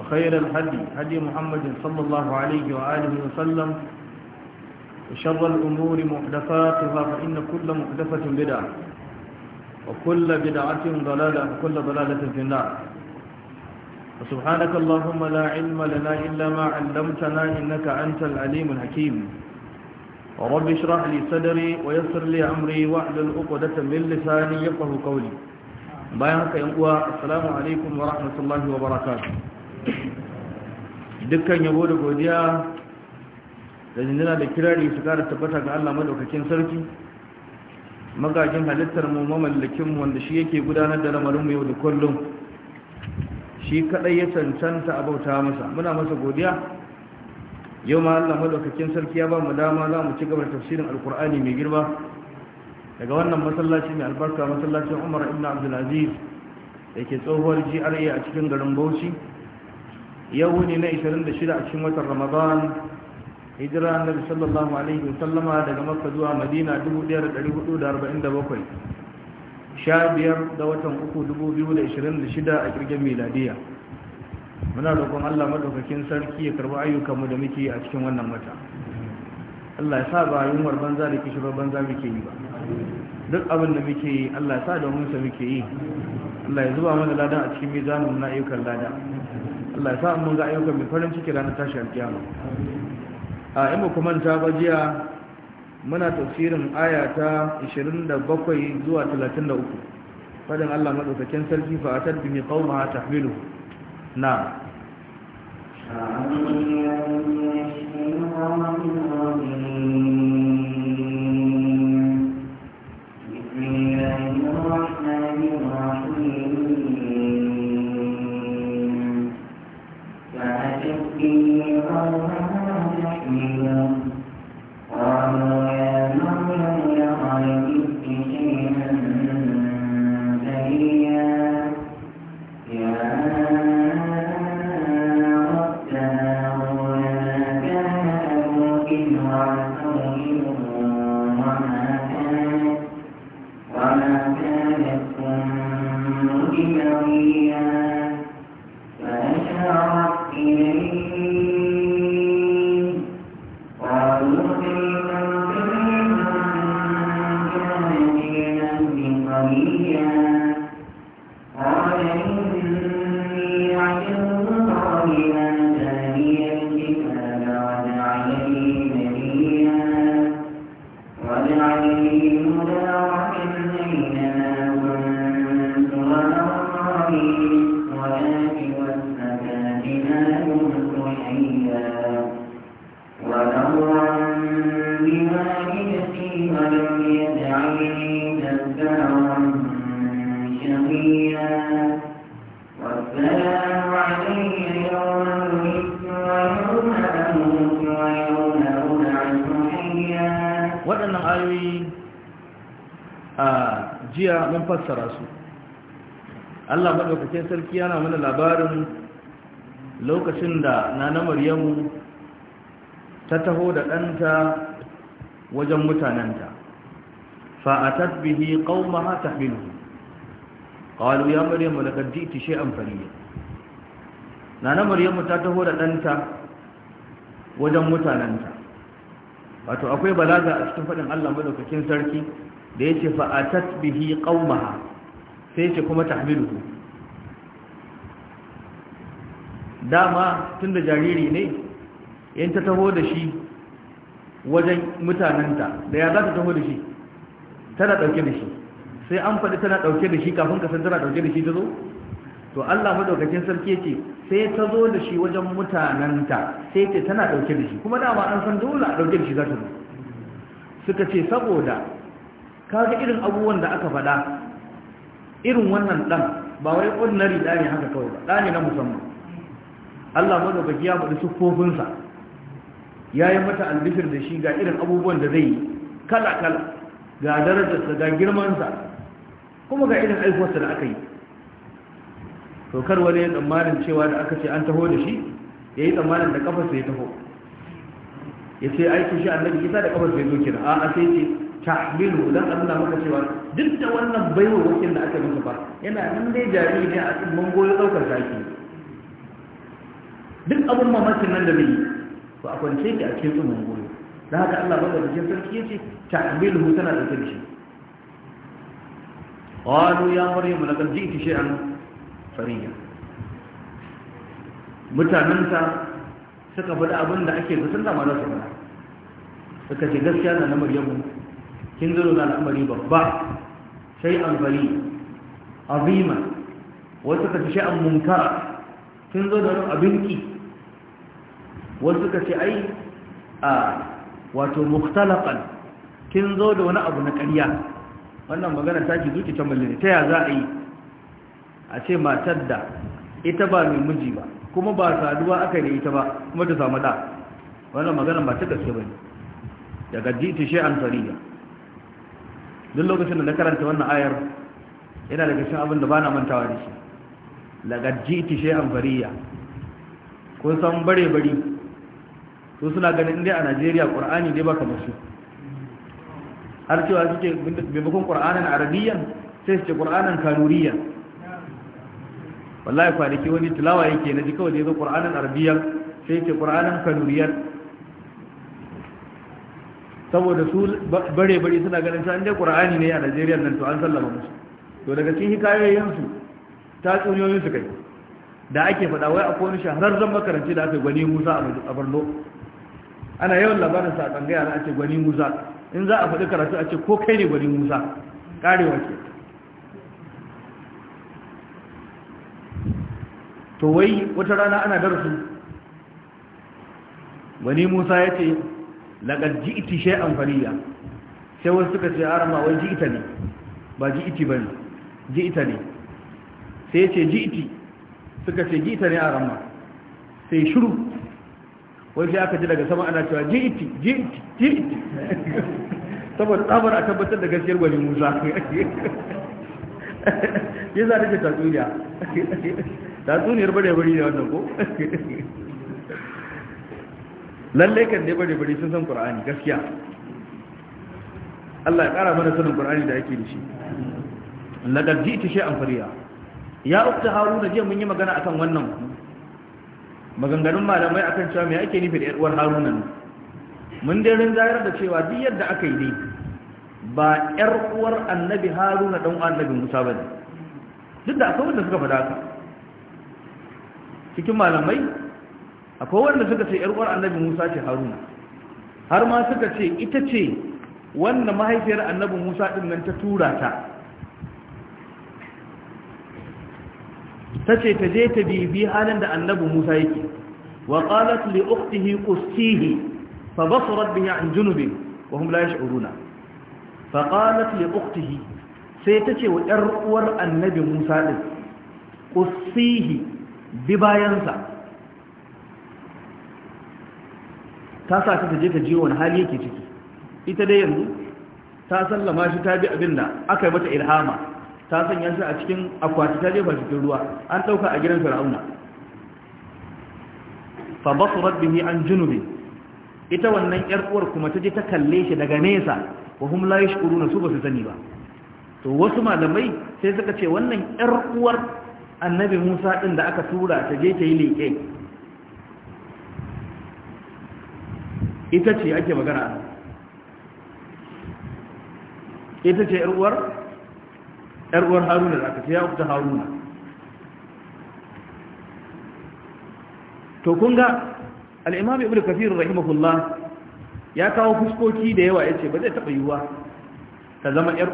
وخير الحدي حدي محمد صلى الله عليه وآله وسلم وشر الأمور محدثاتها فإن كل محدثة بدعة وكل بدعة ضلالة وكل ضلالة في النار وسبحانك اللهم لا علم لنا إلا ما علمتنا إنك أنت العليم الحكيم ورب اشرح لي صدري ويسر لي أمري واحلل الأقدة من لساني يقه قولي بايعك يا السلام عليكم ورحمة الله وبركاته dukkan yabo da godiya da jindina da kirari su kara tabbata ga Allah madaukakin sarki magajin halittar mu mamallakin mu wanda shi yake gudanar da lamarin mu yau da kullum shi kadai ya cancanta a bauta masa muna masa godiya yau ma Allah madaukakin sarki ya ba mu dama za mu ci gaba da tafsirin alkur'ani mai girma daga wannan masallaci mai albarka masallacin Umar ibn Abdul Aziz da ke tsohuwar GRA a cikin garin Bauchi yau ne na 26 a cikin watan ramadan hijira annabi sallallahu alaihi wasallama daga makka zuwa madina 1447 sha biyar da watan uku 2026 a kirgin miladiya muna roƙon allah maɗaukakin sarki ya karɓi ayyukanmu da muke a cikin wannan wata allah ya sa ba yunwar banza da kishirar banza muke yi ba duk abin da muke yi allah ya sa domin sa muke yi allah ya zuba mana ladan a cikin mizanin na ayyukan lada Allah ya mun ga ayyuka mai farin ciki ranar tashi alkiyama a in ba kuma ta ba jiya muna tafsirin aya ta 27 zuwa 33 fadin Allah madaukakin sarki fa atat bi qaumaha tahmilu na أعوذ waɗannan ayoyi a jiya mun fassara su Allah maɗaukacin sarki yana mana labarin lokacin da nana maryamu ta taho da ɗanta wajen mutanenta fa'atat bihi qaumaha tahmiluhu qalu ya maryamu laqad ji'ti shay'an fariya nana maryamu ta taho da ɗanta wajen mutanenta wato akwai balaga a cikin faɗin Allah madaukakin sarki da yace fa'atat bihi qaumaha sai ce kuma tahmiluhu dama tun da jariri ne in ta taho da shi wajen mutanenta da ya za ta taho da shi tana ɗauke da shi sai an faɗi tana ɗauke da shi kafin kasar tana ɗauke da shi ta zo to Allah maɗaukacin sarki ce sai ta zo da shi wajen mutanenta sai ce tana ɗauke da shi kuma dama an san dole a ɗauke da shi za ta zo suka ce saboda kaga irin abubuwan da aka faɗa irin wannan ɗan ba wai ordinary ɗa ne haka kawai ba ɗa ne na musamman Allah mu daga giya mu sufofin ya yi mata albishir da shi ga irin abubuwan da zai kala kala ga darajarsa ga girmansa kuma ga irin aikwarsa da aka yi to kar wani ya tsammanin cewa da aka ce an taho da shi ya yi tsammanin da kafar sa ya taho ya ce aiki shi annabi isa da kafar sa ya zo kira a'a sai ce tahmilu dan Allah maka cewa duk da wannan baiwa wakil da aka yi ba yana nan dai jari ne a cikin mangoyo daukar taki duk abin mamakin nan da mai yi ba a kwance ki a cikin tsumin goyi da haka Allah ba da cikin sarki yace ta'milu tana da kirshi wani ya maryam ji ita shi'an fariya mutanen suka faɗi abin da ake zaton da na su suka ce gaskiya na na maryamu kin zo na al'amari babba an fariya azima wasu ka ce shay'an munkara kin zo da abinki wasu suka ce ai a wato mukhtalaqan kin zo da wani abu na ƙarya wannan magana ta ki zuci ta mallin ta ya za a yi a ce matar da ita ba mai miji ba kuma ba saduwa aka da ita ba kuma ta samu da wannan magana ba ta gaske bane daga jiti an tariya duk lokacin da na karanta wannan ayar yana daga cikin abin da bana mantawa da shi daga jiti an tariya kun san bare bari su suna ganin inda a najeriya qur'ani dai baka masu har cewa suke bimakon qur'anin arabiyyan sai suke qur'anin ƙur'anin kanuriya wallahi kwanaki wani tilawa yake na ji kawai da ya zo qur'anin arabiyyan sai ce qur'anin kanuriya saboda su bare-bare suna ganin cewa dai qur'ani ne a najeriya nan to an sallama musu to daga cikin su ta su kai da ake faɗa wai akwai wani shahararren makaranci da aka gwani musa a barno ana yawan labarin sa a tsangaya na ce gwani musa in za a faɗi karatu a ce ko kai ne gwani musa karewa ke to wai wata rana ana darasu gwani musa ya ce laƙar ji iti shai amfaniya sai wasu suka ce arama wai ji ita ne ba ji iti ba ne ji ita ne sai ya ce ji iti suka ce ji ita ne arama sai shuru wai sai aka ji daga sama ana cewa ji'iti ji'iti ji'iti saboda tsabar a tabbatar da gaskiyar gwani musa ya za ta ce tatsuniya tatsuniyar bare bari ne wannan ko lalle kan ne bare bari sun san qur'ani gaskiya Allah ya kara mana sanin qur'ani da yake da shi laqad ji'ti shay'an fariya ya ukta haruna je mun yi magana akan wannan maganganun malamai akan cewa me ake nufi da yar uwar haruna ne mun dai rin zayar da cewa duk yadda aka yi dai ba ƴar uwar annabi haruna dan annabi musa bane duk da akwai wanda suka faɗa haka cikin malamai akwai wanda suka ce ƴar uwar annabi musa ce haruna har ma suka ce ita ce wanda mahaifiyar annabi musa din nan ta tura ta tace ta je ta bibi halin da annabi Musa yake wa qalat li ukhtihi qustihi fa basarat bihi an junubin wa hum la yash'uruna fa qalat li ukhtihi sai tace wa yar uwar annabi Musa din qustihi bi bayansa ta sa ta je ta ji wani hali yake ciki ita dai yanzu ta sallama shi ta bi abinda aka yi mata ilhama ta sanya shi a cikin akwati ta jefa cikin ruwa an ɗauka a gidan fir'auna fa basurat bihi an junubi ita wannan yar uwar kuma ta je ta kalle shi daga nesa wa hum la yashkuruna su ba su sani ba to wasu malamai sai suka ce wannan yar uwar annabi Musa din da aka tura ta je ta yi leke ita ce ake magana ita ce yar uwar yar'uwar haruna da aka ce ya ukta haruna to kun ga al-imam kafir kathir rahimahullah ya kawo fuskoki da yawa ya ce ba zai taba yiwa ta zama yar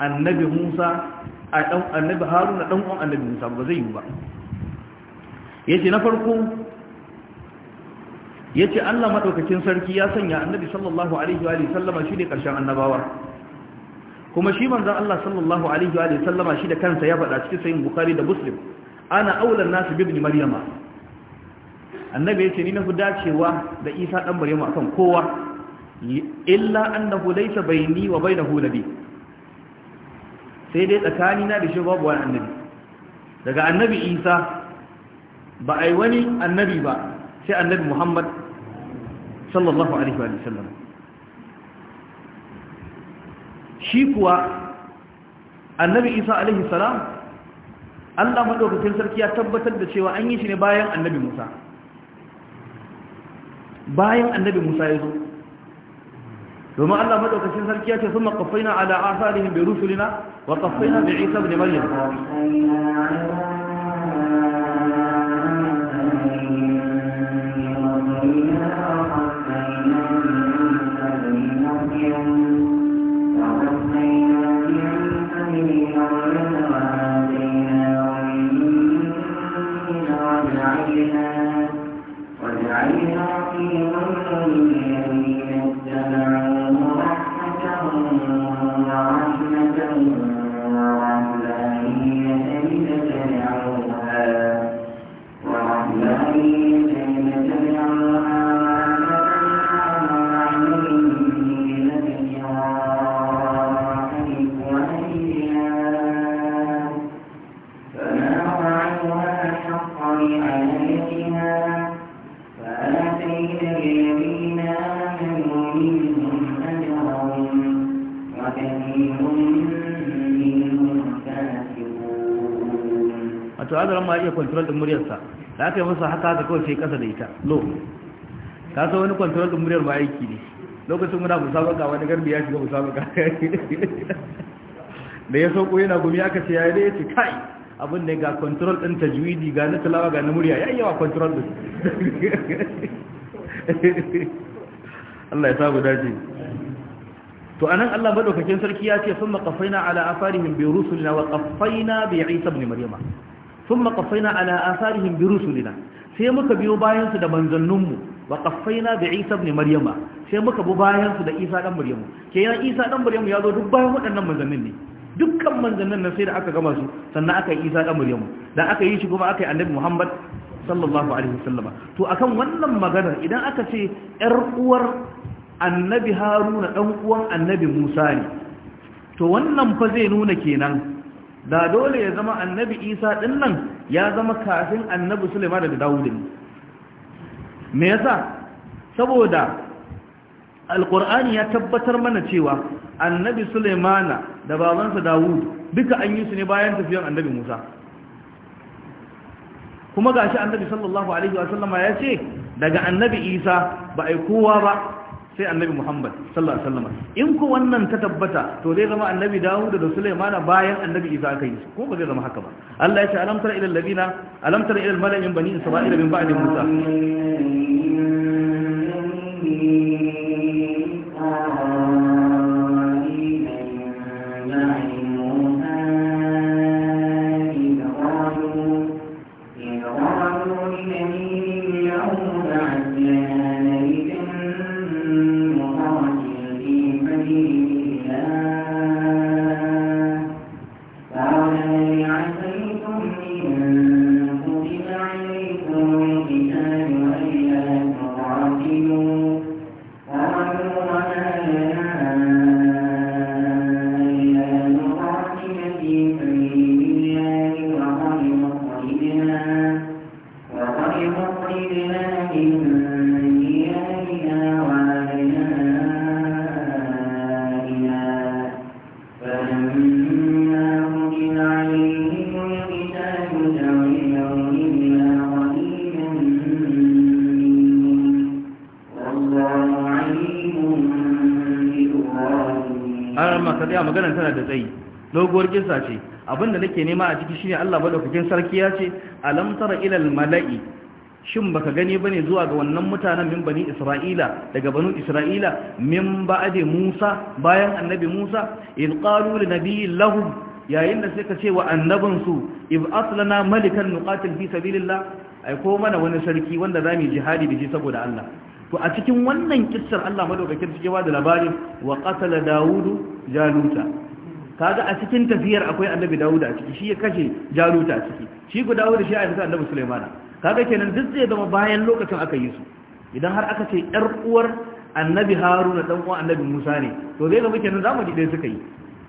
annabi Musa a dan annabi Haruna dan uwan annabi Musa ba zai yiwu ba ya ce na farko ya ce Allah madaukakin sarki ya sanya annabi sallallahu alaihi wa sallama shine karshen annabawar. kuma shi manzon Allah sallallahu alaihi wa sallama shi da kansa ya faɗa cikin sahih bukhari da muslim ana aulan nasu bi ibn maryama annabi ya ce ni na fi dacewa da isa dan maryama kan kowa illa an annahu bai ni wa bai bainahu nabi sai dai tsakani na da shi babu wani annabi daga annabi isa ba a yi wani annabi ba sai annabi muhammad sallallahu alaihi wa sallam shi kuwa annabi isa alaihi salam allah maɗaukakin sarki ya tabbatar da cewa an yi shi ne bayan annabi musa bayan annabi musa ya zo domin allah maɗaukakin sarki ya ce sun maƙafaina ala asarihin bai rusulina wa ƙafaina da isa da maryam aka yi masa haka haka kawai sai kasa da ita no ta so wani kwantarar ɗin muryar ma'aiki ne lokacin muna musabaka wani garbi ya shiga musabaka da ya sauko yana gumi aka ce ya yi da ya ce kai abin ne ga kwantarar ɗin ta tajwidi ga na talawa ga na murya ya yawa kwantarar ɗin Allah ya sa guda ce to a nan Allah madaukakin sarki ya ce sun maƙafaina ala afarihim bi rusulina wa qaffayna bi Isa bane Maryama sun maƙafaina ala asarihim bi rusulina sai muka biyo bayansu da manzanninmu wa qaffayna bi Isa ba Maryama sai muka bi bayansu da Isa dan Maryamu kenan Isa dan Maryamu ya zo duk bayan waɗannan manzannin ne dukkan manzannin nan sai da aka gama su sannan aka yi Isa dan Maryamu dan aka yi shi kuma aka yi Annabi Muhammad sallallahu alaihi wasallama to akan wannan magana idan aka ce yar uwar Annabi Haruna dan uwan Annabi Musa ne to wannan fa zai nuna kenan da dole ya zama annabi isa din nan ya zama kafin annabi sulaiman da dawudin me yasa saboda alkur'ani ya tabbatar mana cewa annabi Sulemana da babansa dawud duka an yi su ne bayan tafiyan annabi musa kuma gashi annabi sallallahu alaihi wasallama ya ce daga annabi isa ba a kowa ba sai annabi Muhammad sallallahu alaihi wasallam in ko wannan ta tabbata to zai zama annabi Dawud da Sulaiman bayan annabi Isa aka yi ko ba zai zama haka ba Allah ya ce alam tara ilal ladina alam tara ilal mala'in bani isra'ila min ba'di Musa Thank you. doguwar kisa ce abinda nake nema a ciki shine Allah madaukakin sarki ya ce alam tara ilal mala'i shin baka gani bane zuwa ga wannan mutanen min bani isra'ila daga banu isra'ila min ba'de musa bayan annabi musa id qalu li nabiyyin lahum yayin da suka ce wa su ib aslana malikan nuqatil fi sabilillah ai ko mana wani sarki wanda zamu jihadi da shi saboda Allah to a cikin wannan kissar Allah madaukakin cikin ba da labari wa qatala daudu jaluta kaga a cikin tafiyar akwai annabi dawuda a ciki shi ya kashe jaruta a ciki shi guda dawuda shi a yanzu annabi sulaimana kaga kenan duk zai zama bayan lokacin aka yi su idan har aka ce yar uwar annabi haruna dan uwan annabi musa ne to zai zama kenan ji ɗaya suka yi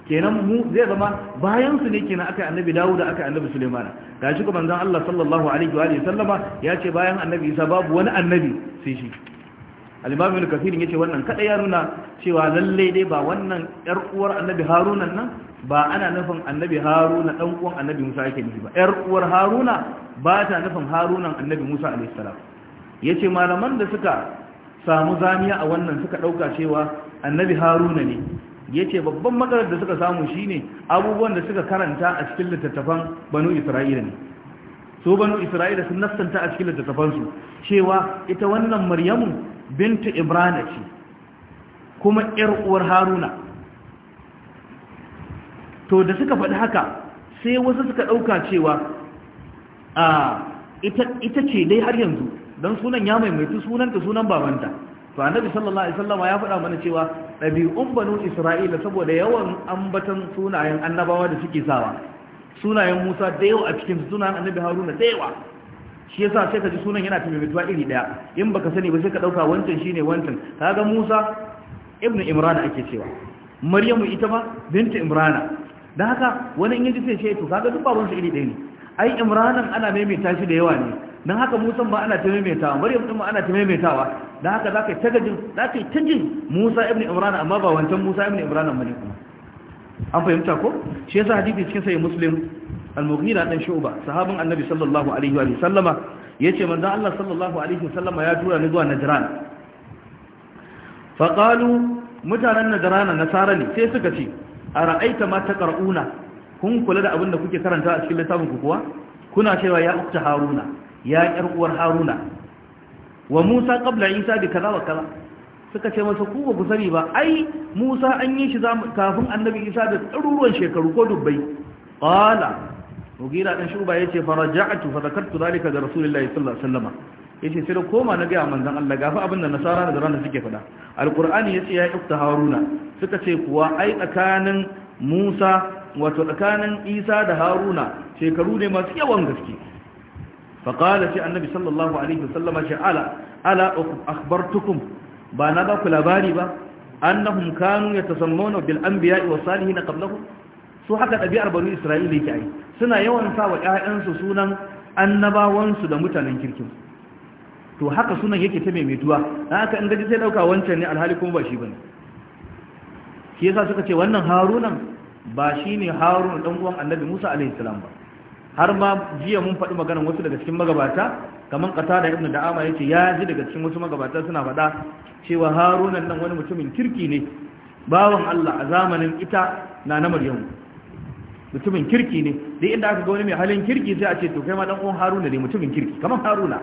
kenan mu zai zama bayan su ne kenan aka annabi dawuda aka annabi sulaimana gashi kuma manzon Allah sallallahu alaihi wa sallama ya ce bayan annabi isa babu wani annabi sai shi al-imam ibn ya ce wannan kada ya nuna cewa lalle dai ba wannan yar uwar annabi haruna nan ba ana nufin annabi haruna dan uwan annabi musa yake nufi ba yar uwar haruna ba ta nufin harunan annabi musa alayhi salam yace malaman da suka samu zamiya a wannan suka ɗauka cewa annabi haruna ne yace babban matsalar da suka samu shine abubuwan da suka karanta a cikin littattafan banu isra'ila ne so banu isra'ila sun nassanta a cikin littattafansu cewa ita wannan maryamu bintu ibrana ce kuma ‘yar uwar haruna to da suka faɗi haka sai wasu suka ɗauka cewa a ita ce dai har yanzu don sunan ya maimaitu sunanta sunan babanta to annabi sallallahu alaihi wasallam ya faɗa mana cewa ɗabi'un banu isra'ila saboda yawan ambatan sunayen annabawa da suke sawa sunayen musa da yawa a cikin sunayen annabi haruna da yawa shi yasa sai ka ji sunan yana tumimituwa iri daya in baka sani ba sai ka dauka wancan shine wancan kaga Musa ibnu Imran ake cewa Maryamu ita ma bint Imran dan haka wani in yaji sai sai to kaga duk babansu iri daya ne ai Imran ana maimaita shi da yawa ne dan haka Musa ba ana ta maimaitawa Maryam din ma ana ta maimaitawa dan haka zaka ta gajin zaka ta jin Musa ibnu Imran amma ba wancan Musa ibnu Imran bane kuma an fahimta ko shi yasa hadisi cikin sahih Muslim al-mughira dan shu'ba sahabin annabi sallallahu alaihi wa sallama yace manzo Allah sallallahu alaihi wa sallama ya tura ni zuwa najran fa qalu mutanen najran nasara ne sai suka ce ara'aita ma taqra'una kun kula da abin da kuke karanta a cikin littafin ku kuwa kuna cewa ya ukta haruna ya yar uwar haruna wa musa qabla isa bi kaza wa kaza suka ce masa ku ba ku sani ba ai musa an yi shi kafin annabi isa da tsaruruwan shekaru ko dubbai qala mugira dan shuba yace fa raja'tu fa zakartu zalika da rasulullahi sallallahu alaihi wasallam yace sai da koma na ga manzon Allah gafa abin da nasara da ranar suke fada alqur'ani yace ya ukta haruna suka ce kuwa ai tsakanin Musa wato tsakanin Isa da Haruna shekaru ne masu yawan gaske fa qala shi annabi sallallahu alaihi wasallam ce ala ala akhbartukum ba na ba ku labari ba annahum kanu yatasammuna bil anbiya'i was na qablahum su haka ɗabi'ar banu isra'ila yake ai suna yawan sa wa ƴaƴansu sunan annabawansu da mutanen kirkin to haka sunan yake ta maimaituwa dan aka in gaji sai dauka wancan ne alhali kuma ba shi bane shi yasa suka ce wannan harunan ba shine harun dan uwan annabi Musa alaihi salam ba har ma jiya mun faɗi maganar wasu daga cikin magabata kamar ƙasa da ibn da'ama ya ya ji daga cikin wasu magabata suna faɗa cewa harunan nan wani mutumin kirki ne bawan allah a zamanin ita na na maryamu mutumin kirki ne duk inda aka ga wani mai halin kirki sai a ce to kai ma dan uwan haruna ne mutumin kirki kamar haruna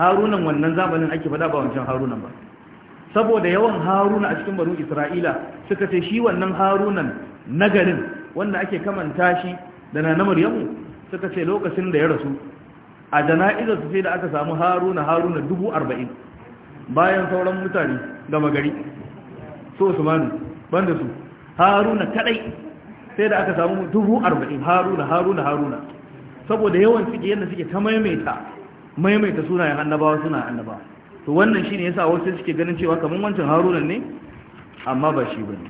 harunan wannan zamanin ake fada ba wancan harunan ba saboda yawan haruna a cikin banu isra'ila suka ce shi wannan harunan nagarin wanda ake kamanta shi da na Maryam suka ce lokacin da ya rasu a jana'izar su sai da aka samu haruna haruna dubu arba'in bayan sauran mutane gama gari so su banda su haruna kadai sai da aka samu dubu arba'in haruna haruna haruna saboda yawan suke yadda suke ta maimaita maimaita sunayen annabawa suna annabawa to wannan shine yasa wasu suke ganin cewa kamar wancan haruna ne amma ba shi bane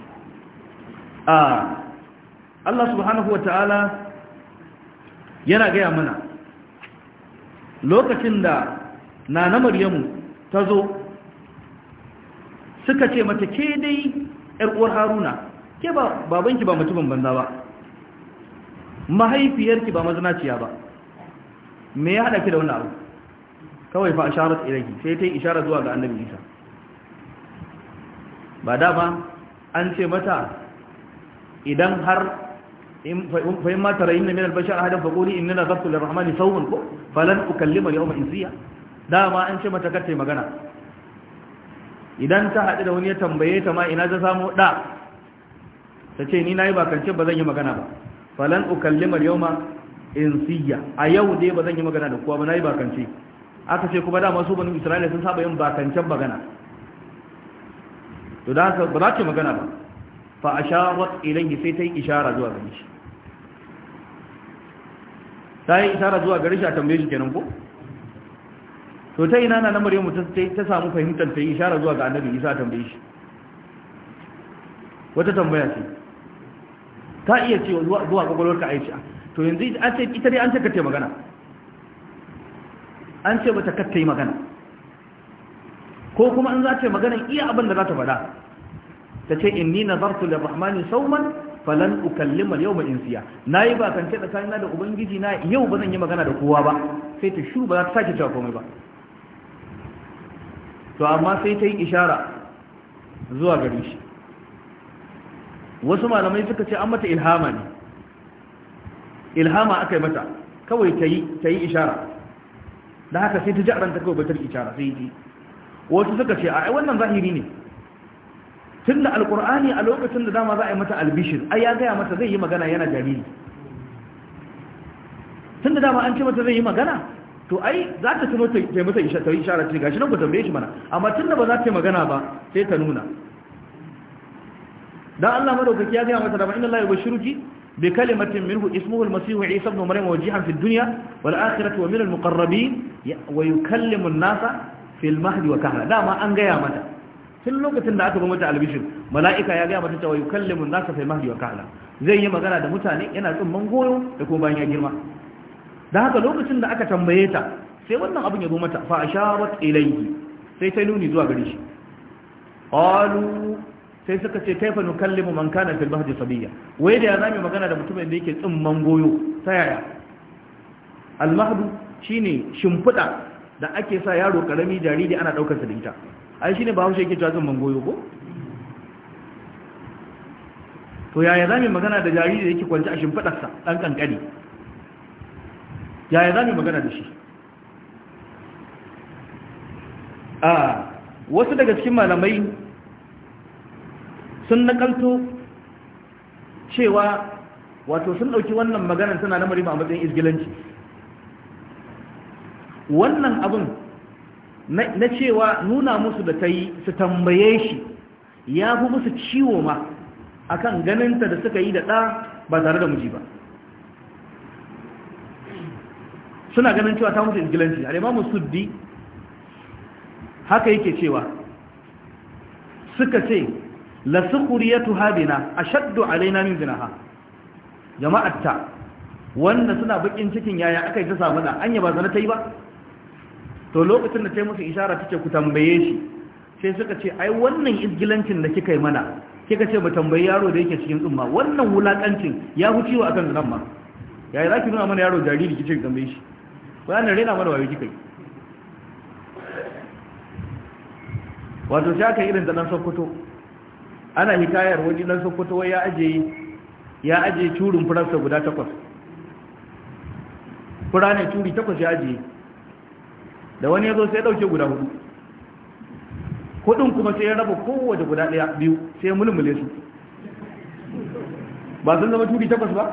a Allah subhanahu wataala yana gaya mana lokacin da nana maryamu ta zo suka ce mata ke dai yar uwar haruna ke ba babanki ba mutumin banza ba mahaifiyarki ba mazanaciya ba me ya haɗa ki da wani abu kawai fa isharar ilaki sai ta yi isharar zuwa ga annabi isa ba da dama an ce mata idan har fa yin mata rayu na minar bashar hadin faƙoli in nuna zartu da rahmani sauhun ko falar ku kallima yau mai an ce mata kar ta yi magana idan ta haɗu da wani ya tambaye ta ma ina ta samu da? ta ce ni na yi bakance ba zan yi magana ba falan ukallimar yau ma siya. a yau dai ba zan yi magana da kuwa ba na yi bakance aka ce kuma dama su banu isra'ila sun saba yin bakancen magana to da haka ba za ta magana ba fa a ilan yi sai ta yi ishara zuwa gari shi ta yi ishara zuwa gari shi a tambaye shi kenan ko to ta ina na maryamu ta samu fahimtar ta yi ishara zuwa ga annabi isa tambaye shi wata tambaya ce ta iya cewa zuwa kwakwalwarka a. to yanzu an ce ita dai an ce kattai magana an ce bata kattai magana ko kuma an za ce magana iya abin da za ta faɗa ta ce in zartu da lirrahmani sauman falan yau mai insiya siya. ba yi tada kai na da ubangiji na yau ba zan yi magana da kowa ba sai ta shu ba za ta sake cewa komai ba to amma sai ta yi ishara zuwa gari shi wasu malamai suka ce an mata ilhama ne ilhama aka yi mata kawai ta yi ishara da haka sai ta ji aranta kawai batar ishara sai ji wasu suka ce a wannan zahiri ne tun da alkur'ani a lokacin da dama za a yi mata albishir ai ya gaya mata zai yi magana yana jariri tun da dama an ce mata zai yi magana to ai za ta tuno ta yi mata ishara ce gashi nan ku tambaye shi mana amma tun da ba za ta yi magana ba sai ta nuna dan Allah madaukaki ya ga mata da inna Allah yubashiruki bi kalimatin minhu ismuhu al-masih Isa ibn Maryam wajihan fi dunya wal akhirati wa min al-muqarrabin wa yukallimu an-nasa fil mahdi wa kahla dama an gaya mata tun lokacin da aka ba mata albishir mala'ika ya gaya mata cewa yukallimu an-nasa fil mahdi wa kahla zai yi magana da mutane yana tsin mangoro, da kuma bayan ya girma dan haka lokacin da aka tambaye ta sai wannan abin ya zo mata fa asharat ilayhi sai ta nuni zuwa gare shi qalu sai suka ce kaifa nukallimu man kana fil bahri sabiya wai da ya mai magana da mutumin da yake tsimman goyo ta yaya al mahdu shine shimfida da ake sa yaro karami jariri ana daukar sa da ita ai shine ba haushe yake cewa tsimman goyo ko to yaya zami magana da jariri da yake kwanci a shimfidar sa dan kankani yaya mu magana da shi a ah, wasu daga cikin malamai sun nakalto cewa wato sun ɗauki wannan maganar tana na ba a matsayin izgilanci wannan abin na cewa nuna musu da ta yi su tambaye shi ya fi musu ciwo ma akan ganinta da suka yi da ɗa ba tare da miji ba suna ganin cewa ta mutu izgilanci a limamu suddi haka yake cewa suka ce la sukuriyatu bina ashaddu alaina min zinaha jama'atta wannan suna bakin cikin yaya akai ta samu da anya ba zana ta yi ba to lokacin da tai musu isharar take ku tambaye shi sai suka ce ai wannan izgilancin da kika yi mana kika ce ba tambayi yaro da yake cikin tsumma wannan wulakancin ya fi akan zanan ma yayi zaki nuna mana yaro jariri kike tambaye shi wannan rena mana wayo kika yi wato sai aka irin da nan sokoto ana hikayar wani dan sokoto wai ya aje ya aje curin furansa guda takwas fura ne curi takwas ya aje da wani ya zo sai dauke guda hudu hudun kuma sai ya raba kowace guda daya biyu sai ya mulmule su ba sun zama curi takwas ba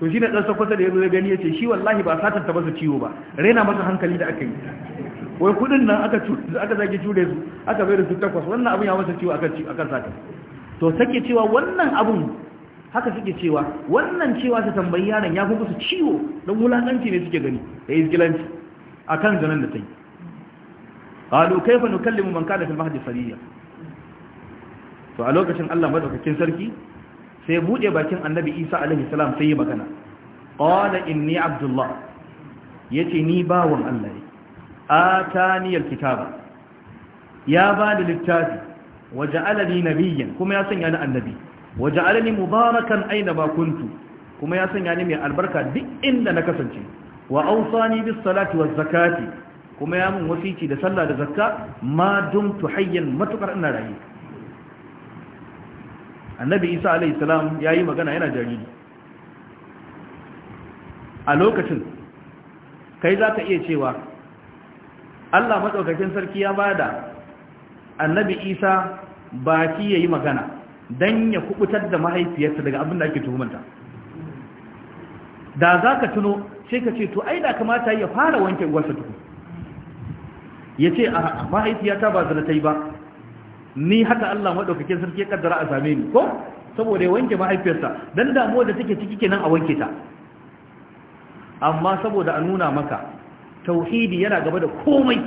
to shi ne dan sokoto da ya zo ya gani ya ce shi wallahi ba satar ta masa ciwo ba raina masa hankali da aka yi wai kudin nan aka aka zaki cure su aka bai da su takwas wannan abin ya masa ciwo akan akan saka to sake cewa wannan abun haka suke cewa wannan cewa ta tambayi yaron ya kuma su ciwo don wulakanci ne suke gani da izgilanci akan zanen da ta yi qalu kayfa nukallimu man kana fil mahdi sariya to a lokacin Allah madaukakin sarki sai bude bakin annabi Isa alaihi salam sai ya magana qala inni abdullah yace ni bawon Allah ne ataniyal kitaba ya bani littafi waje waja'alani nabiyyan kuma ya sanya ni annabi waja'alani mubarakan aina bakuntu, kuntu kuma ya sanya ni mai albarka duk inda na kasance wa ausani bis salati waz zakati kuma ya mun wasici da sallah da zakka ma dumtu hayyan matukar ina rayi annabi isa alayhi salam yayi magana yana jariri a lokacin kai zaka iya cewa Allah madaukakin sarki ya bada annabi Isa baki yi magana don ya kubutar da mahaifiyarsa daga abin da ake tuhumanta da za ka tuno sai ka ce to ai da kamata ya fara wanke uwarsa tuku Ya ce a mahaifiyata ba ta yi ba ni haka Allah madaukakin sarki ya kaddara a same ni ko saboda ya wanke mahaifiyarsa don damuwa da take ciki kenan a wanke ta amma saboda a nuna maka tauhidi yana gaba da komai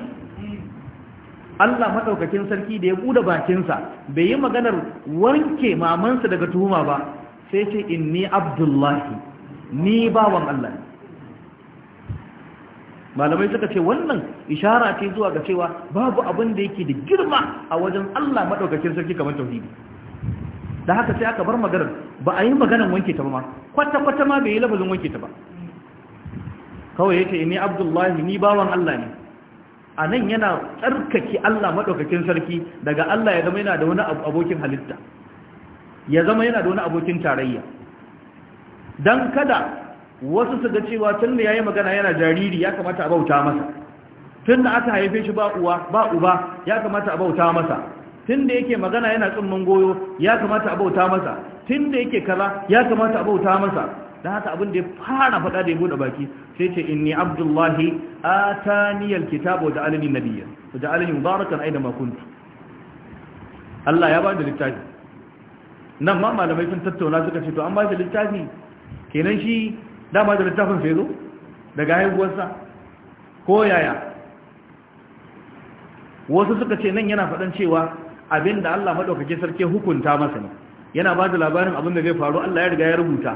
Allah madaukakin sarki da ya bude bakinsa bai yi maganar wanke mamansa daga tuhuma ba sai ce inni abdullahi ni bawan Allah malamai suka ce wannan ishara ce zuwa ga cewa babu abin da yake da girma a wajen Allah madaukakin sarki kamar tauhidi da haka sai aka bar maganar ba a yi maganar wanke ta ba kwata-kwata ma bai yi labarin wanke ta ba kawai yake ni abdullahi ni bawan Allah ne a nan yana tsarkake Allah maɗaukakin sarki daga Allah ya zama yana da wani abokin halitta ya zama yana da wani abokin tarayya don kada wasu su ga cewa tun da ya yi magana yana jariri ya kamata a bauta masa tun da aka haife shi ba uwa ba uba ya kamata a bauta masa tun da yake magana yana tsumman goyo ya kamata a bauta masa tun da yake kaza ya kamata a bauta masa don haka abin da ya fara faɗa da ya buɗe baki sai ce inni abdullahi atani alkitaba wa ja'alani mubarakan Allah ya littafi nan ma malamai sun tattauna suka ce to an ba littafi kenan shi dama da littafin sai zo daga haihuwarsa ko yaya wasu suka ce nan yana faɗan cewa abinda Allah maɗaukake sarki hukunta masa ne yana ba da labarin abin da zai faru Allah ya riga ya rubuta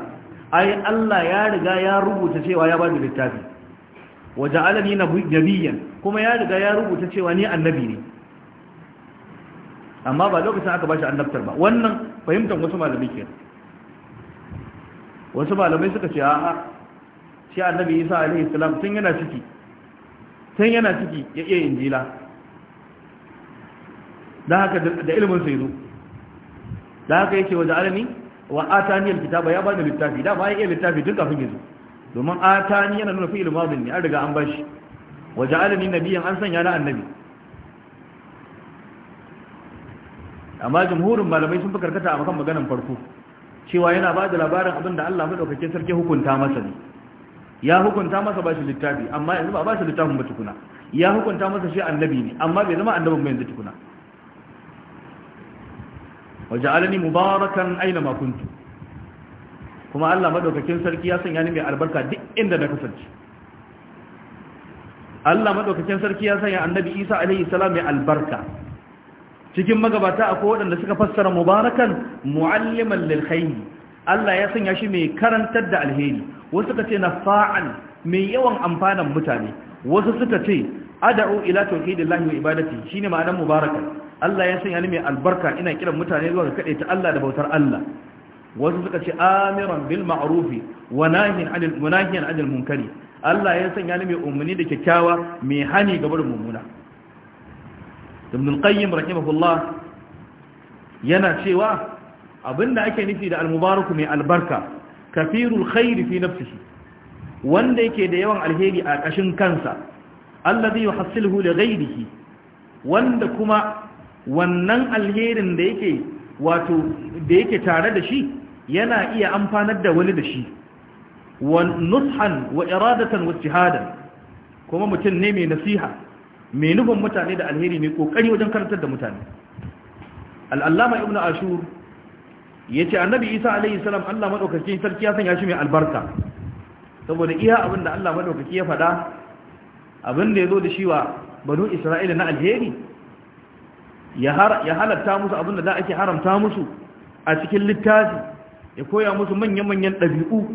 ai Allah ya riga ya rubuta cewa ya bani littafi waje wa na nabiyyan kuma ya riga ya rubuta cewa ni annabi ne amma ba lokacin aka bashi annabtar ba wannan fahimtar wasu malamai ke wasu malamai suka ce a'a shi annabi Isa alaihi salam tun yana ciki tun yana ciki ya iya injila dan haka da ilimin sai zo da haka yake waje ja'alani wa ataniyal kitaba ya bani littafi da ba ya littafi duka kafin yanzu domin atani yana nuna fi'il madin ne an riga an bashi wa ja'alani nabiyyan an sanya na annabi amma jumhurin malamai sun fi karkata a kan maganan farko cewa yana ba da labarin abin da Allah madaukakin sarki hukunta masa ne ya hukunta masa ba shi littafi amma yanzu ba ba shi littafin ba tukuna ya hukunta masa shi annabi ne amma bai zama annabin ba yanzu tukuna waja'alani mubarakan aina makuntu kuma Allah madaukakin sarki ya sanya ni mai albarka duk inda na kasance Allah madaukakin sarki ya sanya Annabi Isa alaihi salam mai albarka cikin magabata akwai waɗanda suka fassara mubarakan mualliman lil Allah ya sanya shi mai karantar da alheri wasu suka ce na nafa'an mai yawan amfanin mutane wasu suka ce ad'u ila tauhidillahi wa ibadati shine ma'anar mubarakan Allah ya sanya ni mai albarka ina kiran mutane zuwa ga ta Allah da bautar Allah wasu suka ce amiran bil ma'rufi wa nahiyan 'anil munahiyan 'anil munkari Allah ya sanya ni mai umarni da kyakkyawa mai hani ga barin mummuna Ibn al-Qayyim rahimahullah yana cewa abinda ake nufi da al mai albarka kafirul khairi fi nafsihi wanda yake da yawan alheri a kashin kansa allazi yuhassiluhu li ghayrihi wanda kuma wannan alherin da yake wato da yake tare da shi yana iya amfanar da wani da shi wa nushan wa iradatan wa kuma mutum ne mai nasiha mai nufin mutane da alheri mai kokari wajen karantar da mutane al'allama ibnu ashur ya ce annabi isa alaihi salam allah maɗaukaki sarki ya sanya shi mai albarka saboda iya abin da allah maɗaukaki ya faɗa abin da ya zo da shi wa banu isra'ila na alheri ya halatta musu abinda da ake haramta musu a cikin littafi ya koya musu manya-manyan ɗabi'u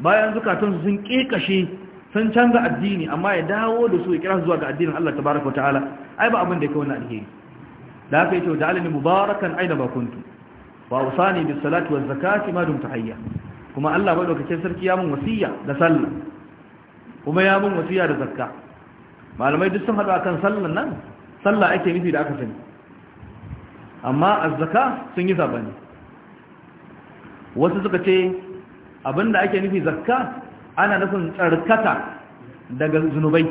bayan zukatansu sun ƙeƙashe sun canza addini amma ya dawo da su ya kira su zuwa ga addinin Allah tabaraka ta'ala ai ba abin da yake wannan alheri da haka yace da alani mubarakan aina ba kuntu wa usani bis salati waz zakati ma dumtu hayya kuma Allah bai madaukakin sarki ya mun wasiya da sallah kuma ya mun wasiya da zakka malamai duk sun hada kan sallan nan sallah ake nufi da aka sani amma azzaka sun yi zaɓani. wasu suka ce abinda ake nufi zakka ana nufin tsarkata daga zunubai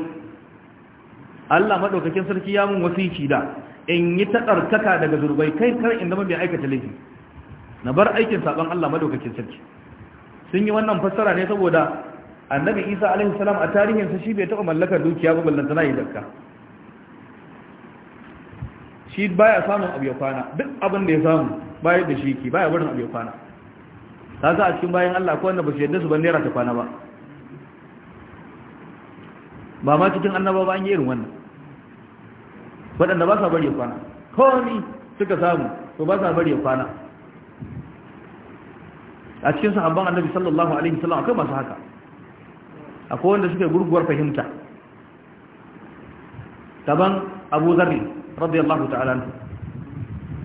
Allah madaukakin sarki ya mun wasiki da in yi ta tsarkaka daga zunubai kai kar in zama bai aikata laifi na bar aikin saban Allah madaukakin sarki sun yi wannan fassara ne saboda annabi Isa alaihi salam a tarihin sa shi bai taɓa mallakar dukiya ba ballantana yi zakka shi baya samun abu ya kwana duk abin da ya samu baya da shi ki baya barin abu ya kwana ta za a cikin bayan Allah ko wanda ba su yadda su ban naira ta kwana ba ba ma cikin annaba ba an yi irin wannan waɗanda ba sa bari ya kwana kowani suka samu to ba sa bari ya kwana a cikin sahabban annabi sallallahu alaihi wasallam akwai masu haka akwai wanda suke gurguwar fahimta daban abu zarri radiyallahu ta'ala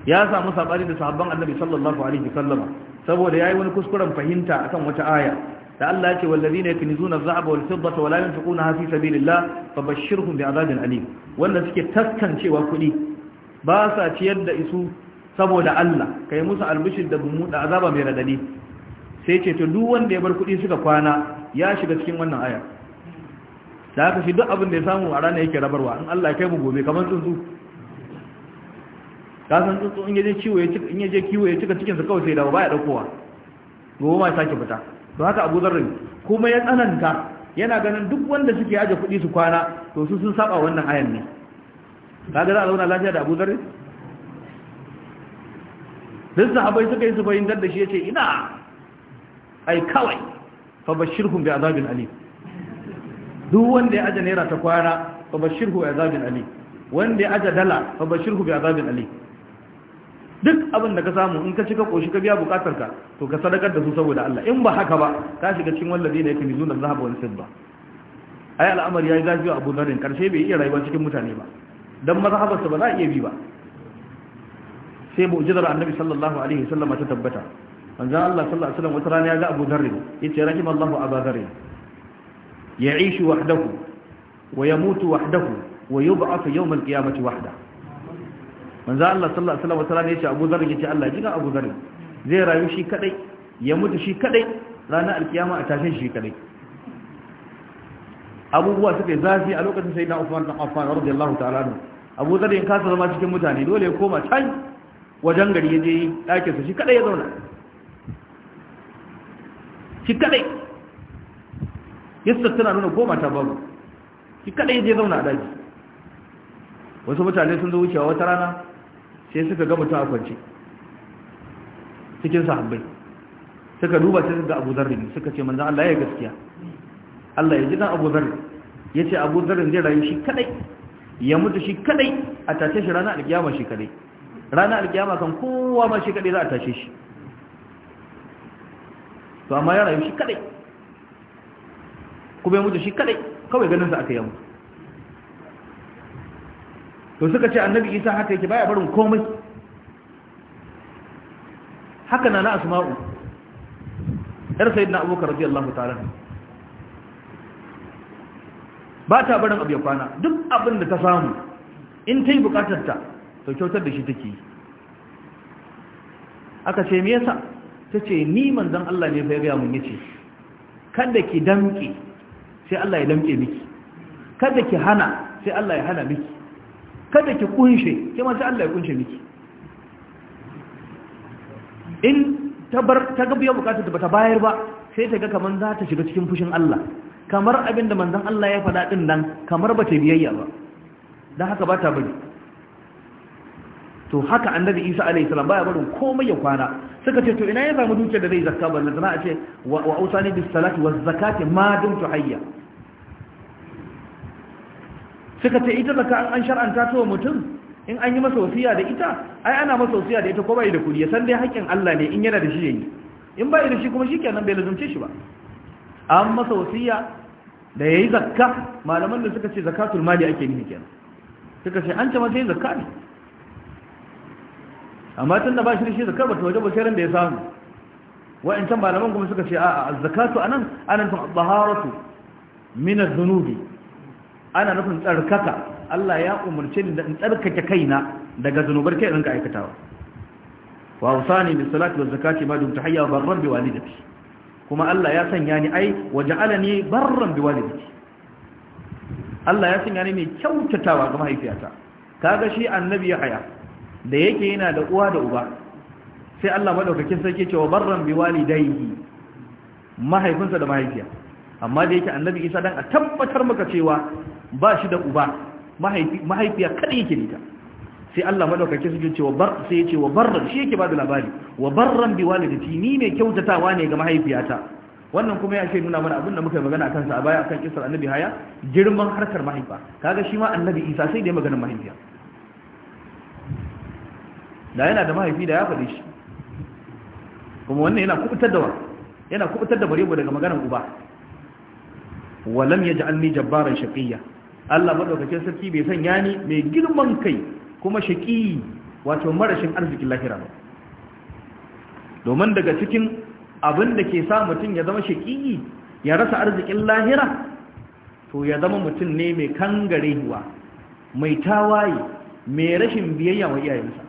ya samu sabani da sahabban annabi sallallahu alaihi wasallama saboda yayi wani kuskuren fahimta akan wata aya da Allah ya ce wallazina yaknizuna adh-dhahaba wal-fiddata wa la yunfiqunaha fi sabilillah fabashshirhum bi'adabin alim wanda suke taskancewa kuɗi ba sa ciyar da isu saboda Allah kai musu albishir da bumu da azaba mai radadi sai ce to duk wanda ya bar kuɗi suka kwana ya shiga cikin wannan aya da aka shi duk abin da ya samu a rana yake rabarwa in Allah ya kai mu gobe kamar tsuntsu ka san tsuntsu in yaje ciwo ya cika in yaje kiwo ya cika cikin sa kawai sai da ba ya daukowa gobe ma sake fita to haka Abu Zarrin kuma ya tsananta yana ganin duk wanda suke aje kuɗi su kwana to su sun saba wannan ayan ne kaga za a zauna lafiya da Abu Zarrin duk sahabbai suka yi su fahimtar da shi yace ina ai kawai fa bashirhum bi azabin alim duk wanda ya aje naira ta kwana fa bashirhu bi azabin alim wanda ya aje dala fa bashirhu bi azabin alim duk abin da ka samu in ka cika koshi ka biya bukatar ka to ka sadakar da su saboda Allah in ba haka ba ka shiga cikin wallazi ne yake mizuna zahaba wal fidda ai al'amari yayi gajiyo Abu Dharr karshe bai iya rayuwa cikin mutane ba dan mazhabarsa ba za a iya bi ba sai mu'jizar Annabi sallallahu alaihi wasallam ta tabbata manzon Allah sallallahu alaihi wasallam wata rana ya ga Abu Dharr yace rahimallahu Abu Dharr ya'ishu wahdahu wa yamutu wahdahu wa yub'athu yawm al-qiyamati wahdahu manzo Allah sallallahu alaihi wasallam yace Abu Dharr yace Allah jiga Abu Dharr zai rayu shi kadai ya mutu shi kadai ranar alkiyama a tashin shi kadai abubuwa suke zafi a lokacin sayyida Uthman bin Affan radiyallahu ta'ala anhu Abu Dharr in kasa zama cikin mutane dole ya koma can wajen gari ya je ɗakin shi kadai ya zauna shi kadai yasta tana nuna koma ta babu shi kadai ya je zauna a daji wasu mutane sun zo wucewa wata rana sai suka ga mutum a kwanci cikin sahabbai suka duba sai ga abu zarri suka ce manzan Allah ya gaskiya Allah ya ji dan abu zarri ya ce abu zarri zai rayu shi kadai ya mutu shi kadai a tashe shi ranar alkiyama shi kadai ranar alkiyama kan kowa ma shi kadai za a tashe shi to amma ya rayu shi kadai kuma ya mutu shi kadai kawai ganin sa aka yi mutu to suka ce annabi isa haka yake baya barin komai haka na na asma'u yar sayyid na abubakar radiyallahu ta'ala ba ta barin abu ya kwana duk abin da ta samu in ta yi bukatar ta to kyautar da shi take yi aka ce me yasa ta ce ni manzan Allah ne fa ya gaya mun yace kada ki damke sai Allah ya damke miki kada ki hana sai Allah ya hana miki kada ki kunshe ke masu Allah ya kunshe miki in ta ga biya bukatar da bata bayar ba sai ta ga kamar za ta shiga cikin fushin Allah kamar abin da manzon Allah ya faɗa din nan kamar bata biyayya ba don haka ba ta bari to haka annabi Isa alaihi salam baya barin komai ya kwana suka ce to ina ya samu dukiyar da zai zakka na a ce wa ausani bis salati waz zakati ma dumtu hayya suka ce ita zaka an shar'anta ta mutum in an yi masa wasiya da ita ai ana masa wasiya da ita ko bai da kuri san dai haƙƙin Allah ne in yana da shi yayi in bai da shi kuma shikenan bai lazumce shi ba an masa wasiya da yayi zakka malaman da suka ce zakatul mali ake nihi kenan suka ce an ta masa yayi zakka ne amma tun da ba shi da shi zakka ba ta waje ba sai ran da ya samu wa'ancan malaman kuma suka ce a'a az-zakatu anan anan taharatu min az-zunubi ana nufin tsarkaka Allah ya umarce ni da in tsarkake kaina daga zanubar kai rinka aikatawa wa usani bi salati wa zakati ma dum tahiyya wa barran bi walidati kuma Allah ya sanya ni ai waja'alani barran bi walidati Allah ya sanya ni mai kyautatawa ga mahaifiyata kaga shi annabi haya da yake yana da uwa da uba sai Allah madaukakin sarki cewa barran bi walidayhi mahaifinsa da mahaifiya amma da yake annabi Isa dan a tabbatar maka cewa ba shi da uba mahaifiya kada yake nita sai Allah madaukake su cewa bar sai yace wa barran shi yake bada labari wa barran bi walidati ni mai kyautatawa ne ga mahaifiyata wannan kuma ya ce nuna mana abin da muka magana akan sa a baya akan kisar annabi haya girman harkar mahaifa kaga shi ma annabi Isa sai da maganar mahaifiya da yana da mahaifi da ya faɗi shi kuma wannan yana kubutar da wa yana kubutar da bare daga maganar uba walam yaj'alni jabbaran shaqiyya Allah madaukakin sarki bai sanya ni mai girman kai kuma shaki wato marashin arzikin lahira ba domin daga cikin abin da ke sa mutum ya zama shaki ya rasa arzikin lahira to ya zama mutum ne mai kangarewa mai tawaye mai rashin biyayya wa iyayensa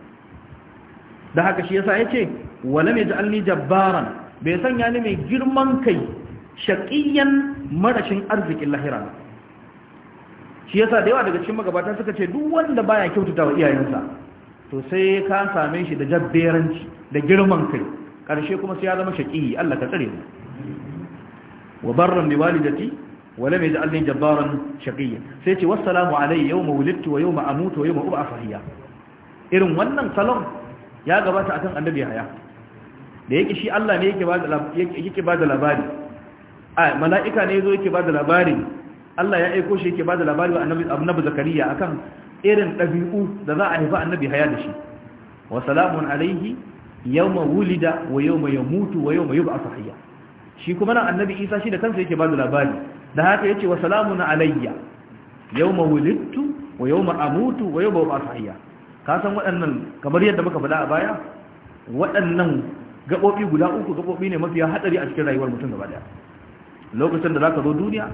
da haka shi yasa yace wala mai ja'alni jabbaran bai sanya ni mai girman kai shaqiyan marashin arzikin lahira ba. shi yasa da yawa daga cikin magabatan suka ce duk wanda baya kyautata wa iyayensa to sai ka same shi da jabberanci da girman kai karshe kuma sai ya zama shaqi Allah ka tsare mu wa barran bi walidati wa lam yaj'alni jabbaran shaqiyya sai ce wassalamu alayya yawma wulidtu wa yawma amutu wa yawma ub'ath hayya irin wannan salon ya gabata akan annabi haya da yake shi Allah ne yake ba da yake ba da labari a mala'ika ne yazo yake ba da labari Allah ya aiko shi yake bada labari wa annabi annabi zakariya akan irin dabi'u da za a haifa annabi haya da shi wa salamun alaihi yawma wulida wa yawma yamutu wa yawma yub'athu hayya shi kuma nan annabi Isa shi da kansa yake bada labari da haka yace wa salamun alayya yawma wulidtu wa yawma amutu wa yawma yub'athu hayya ka san waɗannan kamar yadda muka faɗa a baya waɗannan gabobi guda uku gabobi ne mafiya hadari a cikin rayuwar mutum gaba daya lokacin da zaka zo duniya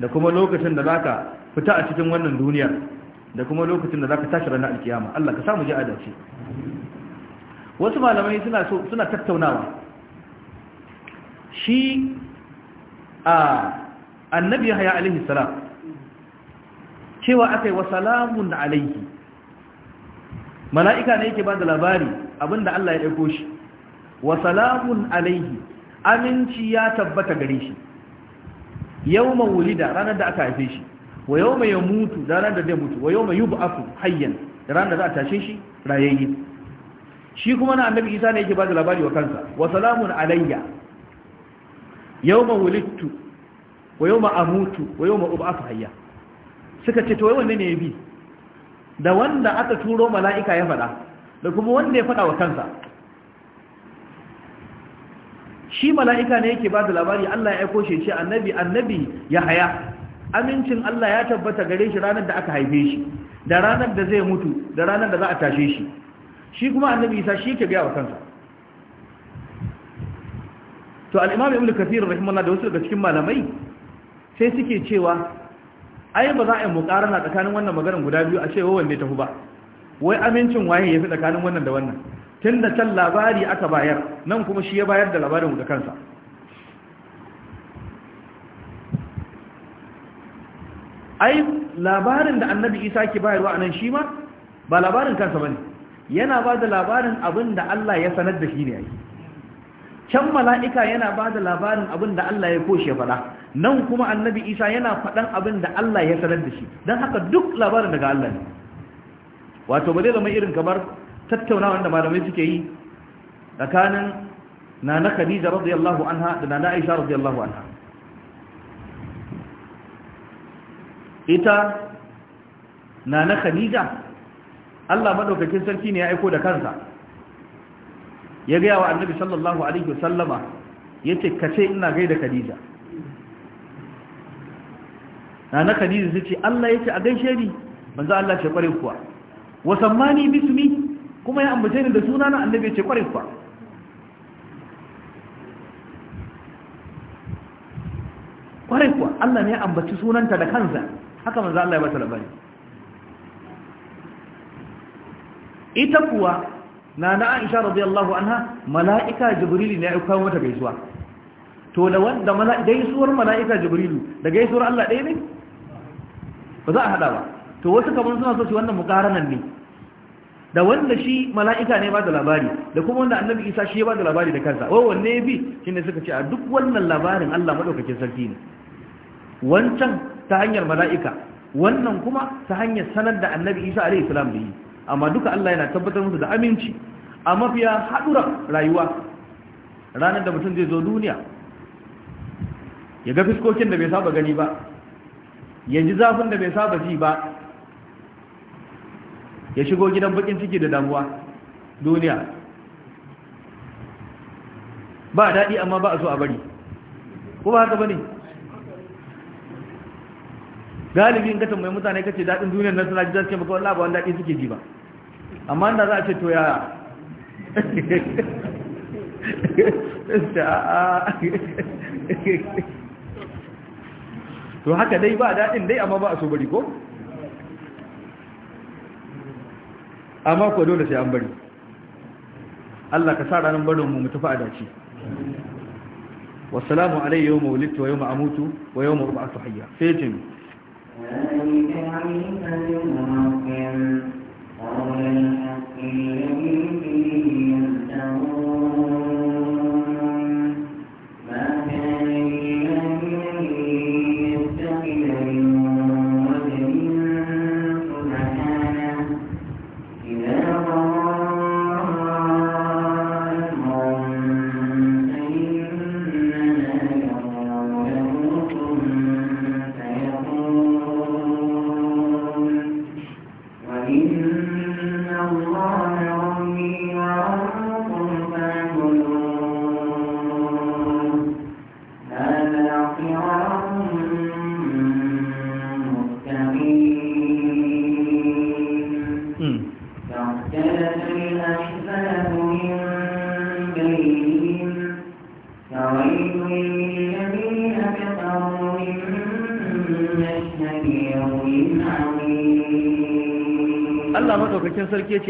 da kuma lokacin da zaka fita a cikin wannan duniya da kuma lokacin da zaka tashi ranar alkiyama Allah ka samu ji adace wasu malamai suna so suna tattaunawa shi a annabi Yahya alaihi salam cewa akai wa salamun alaihi mala'ika ne yake ba da labari abinda Allah ya aiko shi wa salamun alaihi aminci ya tabbata gare shi yawma wulida ranar da aka haife shi wa yawma yamutu ranar da zai mutu wa yawma yub'athu hayyan ranar da za a tashe shi rayayye shi kuma na annabi Isa ne yake ba da labari wa kansa wa salamun alayya yawma wulidtu wa yawma amutu wa yawma ub'athu hayya suka ce to wai wanne ne ya bi da wanda aka turo mala'ika ya faɗa da kuma wanda ya faɗa wa kansa shi mala'ika ne yake ba da labari Allah ya aiko shi ce annabi annabi ya haya amincin Allah ya tabbata gare shi ranar da aka haife shi da ranar da zai mutu da ranar da za a tashe shi shi kuma annabi isa shi yake gaya wa kansa to al'imam ibn kafir na da wasu daga cikin malamai sai suke cewa ai ba za a yi mukarana tsakanin wannan maganar guda biyu a wanda wanne tafi ba wai amincin waye ya fi tsakanin wannan da wannan tun da can labari aka bayar nan kuma shi ya bayar da labarin da kansa ai labarin da annabi isa ke bayarwa anan nan shi ma ba labarin kansa ba ne yana ba da labarin abin da allah ya sanar da shi ne yake can mala'ika yana ba da labarin abin da Allah ya koshe faɗa nan kuma annabi isa yana faɗan abin da Allah ya sanar da shi don haka duk labarin daga Allah ne wato ba zai zama irin kamar tattaunawa da malamai suke yi tsakanin na na khadija radiyallahu anha da na aisha radiyallahu anha ita na na khadija Allah madaukakin sarki ne ya aiko da kansa ya gaya wa annabi sallallahu alaihi wasallama yace kace ina gaida khadija na na khadija ce Allah yace a gaishe ni manzo Allah ce kware kuwa wasammani bismi kuma ya ambace ni da suna na annabi ya ce kwarin kuwa Kwarin kuwa Allah ne ya ambaci sunanta da kansa haka manzo Allah ya bata labari ita kuwa na na Aisha radiyallahu anha mala'ika Jibril ne ya kawo mata gaisuwa to da wanda mala'ika gaisuwar mala'ika Jibril da gaisuwar Allah ɗaya ne ba za a hada ba to wasu kaman suna so su wannan mukaranan ne da wanda shi mala'ika ne ba da labari da kuma wanda annabi isa shi ba da labari da kansa wai wanne bi shi ne suka ce a duk wannan labarin allah maɗaukakin sarki ne wancan ta hanyar mala'ika wannan kuma ta hanyar sanar da annabi isa alaihi salam da yi amma duka allah yana tabbatar musu da aminci a mafiya haɗura rayuwa ranar da mutum zai zo duniya ya ga fiskokin da bai saba gani ba ya ji zafin da bai saba ji ba ya shigo gidan bakin ciki da damuwa duniya ba daɗi amma ba a so a bari ko ba haka ba ne galibin ka tambayi mutane kace daɗin duniyar nan suna ji zai maka wallah ba wani daɗi suke ji ba amma da za a ce to yaya to haka dai ba daɗin dai amma ba a so bari ko amma ku dole sai an bari Allah ka sa ranar barin mu mutufa a dace wassalamu alayhi wa wulidtu wa yawma amutu wa yawma ub'athu hayya sai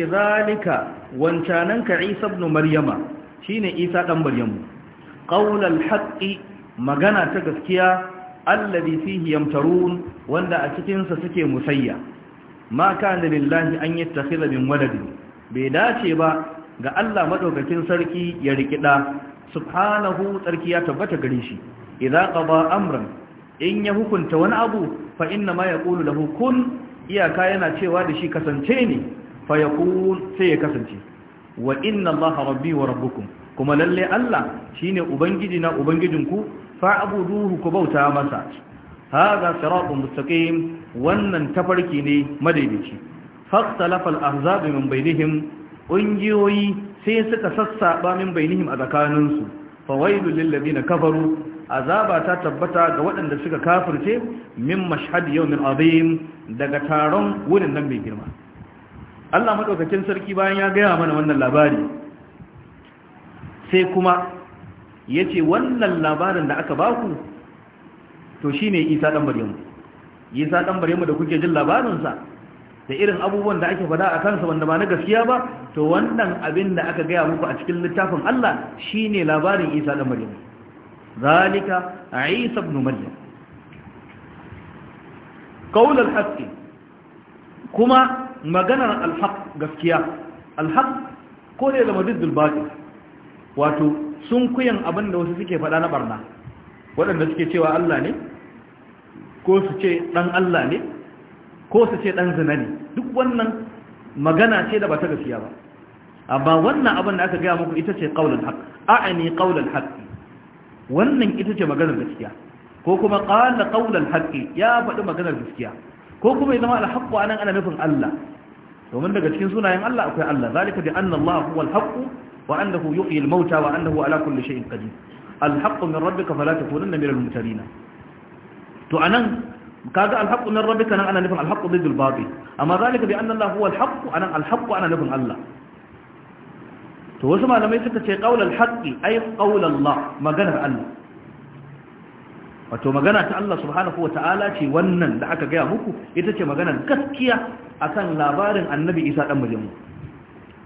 zalika wancanan ka Isa ibn Maryama shine Isa dan Maryamu qaulal haqqi magana ta gaskiya alladhi fihi yamtarun wanda a cikin sa suke musayya ma kana lillahi an yattakhidha min waladi bai dace ba ga Allah madaukakin sarki ya rikida subhanahu sarki ya tabbata gare shi idza qada amran in ya hukunta wani abu fa inna ma yaqulu lahu kun iyaka yana cewa da shi kasance ne fayakun sai ya kasance wa inna allaha rabbi wa rabbukum kuma lalle Allah shine ubangiji na ubangijinku fa'buduhu ku bauta masa hadha siratun mustaqim wannan tafarki ne madaidaici faktalafa al-ahzab min bainihim ƙungiyoyi sai suka sassaɓa min bainihim a tsakaninsu fawailul na kafaru azaba ta tabbata ga waɗanda suka kafirce min mashhad yawmin azim daga taron wurin nan mai girma Allah maɗaukacin sarki bayan ya gaya mana wannan labari sai kuma yace wannan labarin da aka baku to shine Isa dan Maryamu Isa dan Maryamu da kuke jin labarin da irin abubuwan da ake faɗa a kansa wanda ba na gaskiya ba to wannan abin da aka gaya muku a cikin littafin Allah shine labarin Isa da Maryam zalika Isa ibn Maryam qaul al kuma maganar alhaq gaskiya alhaq ko da ya zama diddul batil wato sun kuyan abin da wasu suke faɗa na barna waɗanda suke cewa Allah ne ko su ce ɗan Allah ne ko su ce ɗan zina ne duk wannan magana ce da ba ta gaskiya ba amma wannan abin da aka gaya muku ita ce ƙaunar haƙ a'ani ƙaunar haƙ wannan ita ce maganar gaskiya ko kuma ƙala ƙaunar haƙ ya faɗi maganar gaskiya ko kuma ya zama alhaqqu anan ana nufin Allah domin daga cikin sunayen Allah akwai Allah zalika bi anna Allah huwa alhaq wa annahu yuhyi almauta wa annahu ala kulli shay'in qadir alhaq min rabbika fala takunanna min almumtarin to anan kaga alhaq min rabbika nan ana nufin alhaq ضد الباطل amma zalika bi anna Allah huwa alhaq anan alhaq ana nufin Allah to wasu malamai suka ce qaul alhaq ay qaul Allah maganar Allah wato magana ta Allah subhanahu wata'ala ce wannan da aka gaya muku ita ce maganar gaskiya akan labarin annabi isa dan maryamu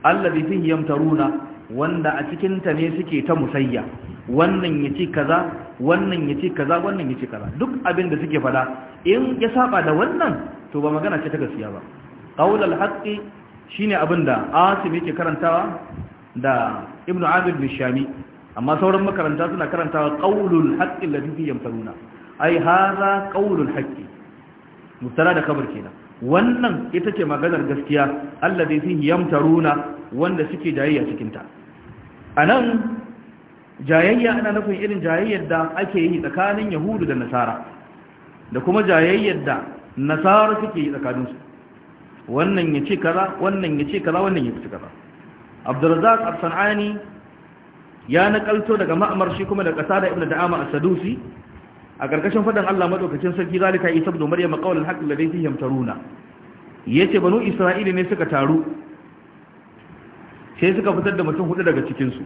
allazi fihi runa wanda a cikin ta ne suke ta musayya wannan yace kaza wannan yace kaza wannan yace kaza duk abin da suke fada in ya saba da wannan to ba magana ce ta gaskiya ba qaulul haqqi shine abinda asim yake karantawa da ibnu abid Shami. amma sauran makaranta suna karantawa qaulul haqqi alladhi fihi yamtaruna ai hadha qaulul haqqi mutara da kabar kenan wannan ita ce maganar gaskiya alladhi fihi yamtaruna wanda suke jayayya cikin ta anan jayayya ana nufin irin jayayyar da ake yi tsakanin yahudu da nasara da kuma jayayyar da nasara suke yi tsakaninsu wannan ya ce kaza wannan ya ce kaza wannan ya ce kaza abdurrazzaq as-sanani ya nakalto daga ma'amar shi kuma da da ibnu da'ama as-sadusi a karkashin fadan Allah madaukakin sarki zalika isa ibn maryam qawlul haqq alladhi fihi yamtaruna yace banu isra'ili ne suka taru sai suka fitar da mutum hudu daga cikin su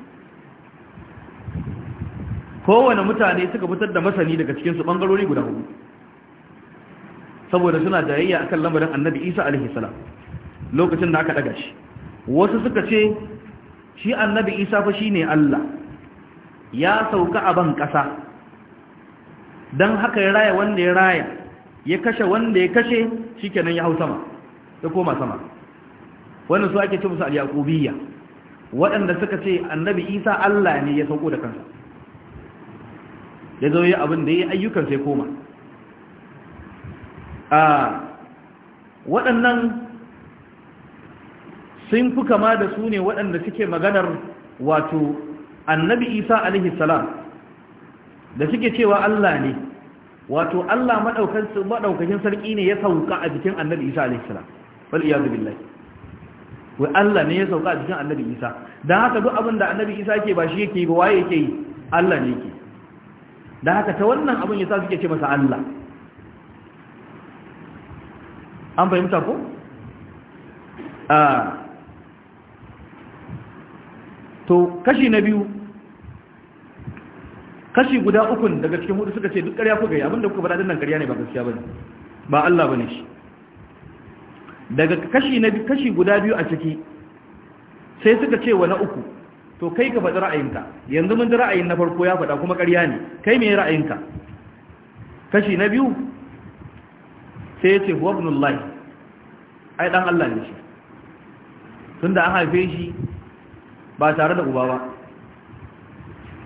kowane mutane suka fitar da masani daga cikin su bangarori guda hudu saboda suna jayayya akan lamarin annabi isa alaihi salam lokacin da aka daga shi wasu suka ce shi annabi isa fa shine Allah ya sauka a ban ƙasa don haka ya raya wanda ya raya ya kashe wanda ya kashe shikenan ya hau sama ya koma sama wannan su ake ce musu al-yaqubiyya waɗanda suka ce annabi isa Allah ne ya sauko da kansa ya zo yi abin da ya ayyukan sai koma a ah, waɗannan sun fi kama da su ne waɗanda suke maganar wato annabi isa alaihi salam da suke cewa allah ne wato allah maɗaukakin sarki ne ya sauka a jikin annabi isa alaihi salam wal iyadu billahi wai allah ne ya sauka a jikin annabi isa don haka duk abin da annabi isa ke ba shi yake ba waye yake yi allah ne yake don haka ta wannan abin sa suke ce masa allah an fahimta ko? Ah, to kashi na biyu kashi guda ukun daga cikin hudu suka ce duk ƙarya kuka yi abinda kuka faɗa nan ƙarya ne ba gaskiya bane ba Allah bane shi daga kashi na biyu kashi guda biyu a ciki sai suka ce wa na uku to kai ka faɗi ra'ayinka yanzu mun ji ra'ayin na farko ya faɗa kuma ƙarya ne kai me ra'ayinka kashi na biyu sai ya ce huwa ibnullahi ai dan Allah ne shi tunda an haife shi ba tare da uba ba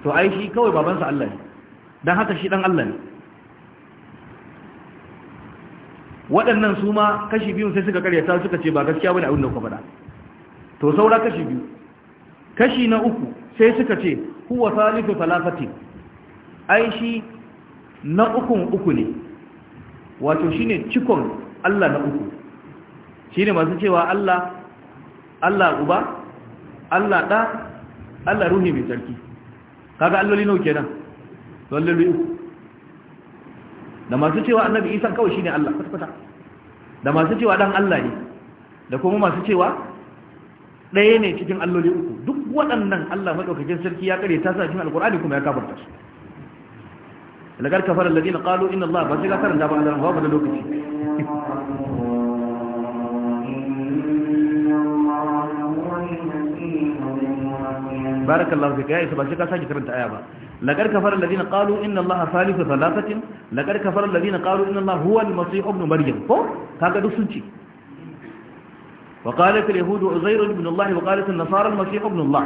to ai shi kawai babansa Allah ne don haka shi dan Allah ne waɗannan su ma kashi biyu sai suka karyata suka ce ba gaskiya bane abin da kuka faɗa to saura kashi biyu kashi na uku sai suka ce huwa salisu talafatin ai shi na ukun uku ne wato shine cikon Allah na uku shine masu cewa Allah Allah uba Allah ɗa Allah ruhi mai sarki kaga alloli nau kenan alloli uku da masu cewa annabi isa kawai shine Allah kwata da masu cewa dan Allah ne da kuma masu cewa ɗaya ne cikin alloli uku duk waɗannan Allah maɗaukakin sarki ya kare ta sa cikin alƙur'ani kuma ya kafarta su lagar kafar ladina qalu inna Allah ba sai ka karanta ba a Allah ba da lokaci barakallahu fika ya isa ba sai ka sake karanta aya ba laqad kafara alladhina qalu inna allaha thalithu thalathatin laqad kafara alladhina qalu inna allaha huwa al-masih ibn maryam ko kaga duk sun ci وقالت اليهود عزير ابن الله وقالت النصارى المسيح ابن الله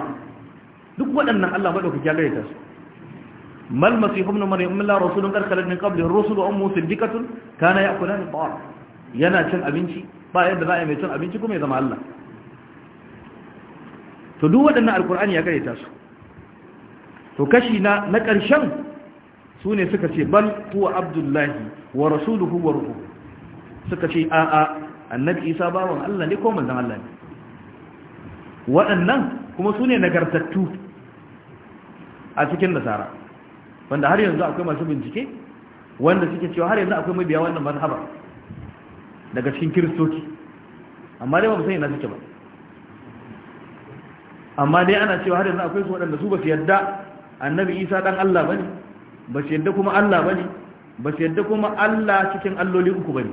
duk waɗannan Allah maɗaukaki ya gaita su mal masihu ibn maryam illa rasulun qad khalat min qabli ar-rusul wa ummu siddiqatun kana ya'kulani ta'am yana cin abinci ba yadda za a mai cin abinci kuma ya zama Allah to duk waɗannan alkur'ani ya karyata su to kashi na na ƙarshen su ne suka ce bal kuwa abdullahi wa rasuluhu wa ruhu suka ce a a annabi isa bawan allah ne ko manzon allah ne waɗannan kuma su ne nagartattu a cikin nasara wanda har yanzu akwai masu bincike wanda suke cewa har yanzu akwai mabiya wannan mazhaba daga cikin kiristoci amma dai ba mu sani na suke ba amma dai ana cewa har yanzu akwai su waɗanda su ba su yadda annabi isa ɗan allah ba ne ba su yadda kuma allah ba ne ba su yadda kuma allah cikin alloli uku ba ne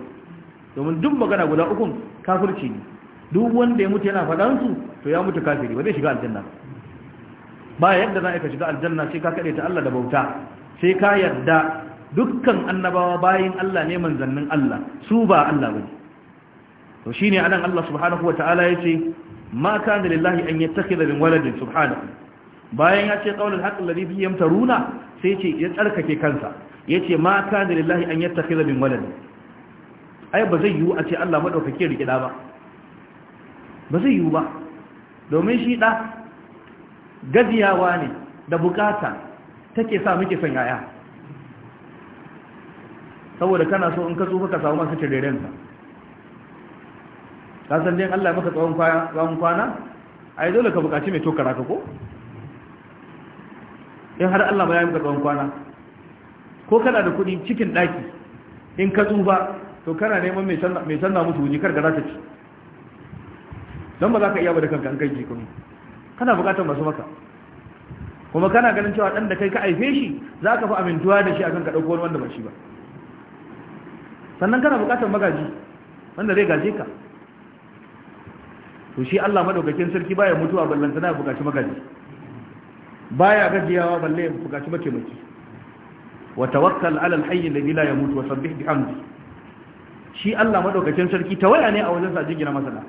domin duk magana guda ukun kafirci ne duk wanda ya mutu yana faɗan su to ya mutu kafiri ba zai shiga aljanna ba yadda za a ka shiga aljanna sai ka kaɗe ta allah da bauta sai ka yadda dukkan annabawa bayin allah ne manzannin allah su ba allah ba ne to ne anan Allah subhanahu wa ta'ala ya ce, ma kana lillahi an yattakhidha min waladin subhanahu bayan ya ce qaulul haqq alladhi bihi runa, sai ce ya tsarkake kansa ya ce ma kana lillahi an yattakhidha min waladin ai ba zai yiwu a ce Allah madaukake rike da ba ba zai yiwu ba domin shi ɗa gajiyawa ne da bukata take sa muke son yaya saboda kana so in ka tsufa ka samu masu tireren ka ka san dai Allah maka tsawon kwana tsawon kwana ai dole ka bukaci mai tokara ka ko in har Allah ba ya maka tsawon kwana ko kana da kuɗi cikin ɗaki in ka tsufa to kana neman mai sanna musu wuji kar gara ta ci don ba za ka iya ba da kanka an kai jikunu kana bukatar masu maka kuma kana ganin cewa ɗan da kai ka aife shi za ka fi amintuwa da shi a kan ka wani wanda ba shi ba sannan kana bukatar magaji wanda zai gaje ka to shi Allah madaukakin sarki baya mutuwa ballantana ya bukaci magaji baya gajiyawa balle ya mace mataimaki wa tawakkal ala alhayy alladhi la yamut wa sabbih bihamdi shi Allah madaukakin sarki tawaya ne a wajen sa jigina masala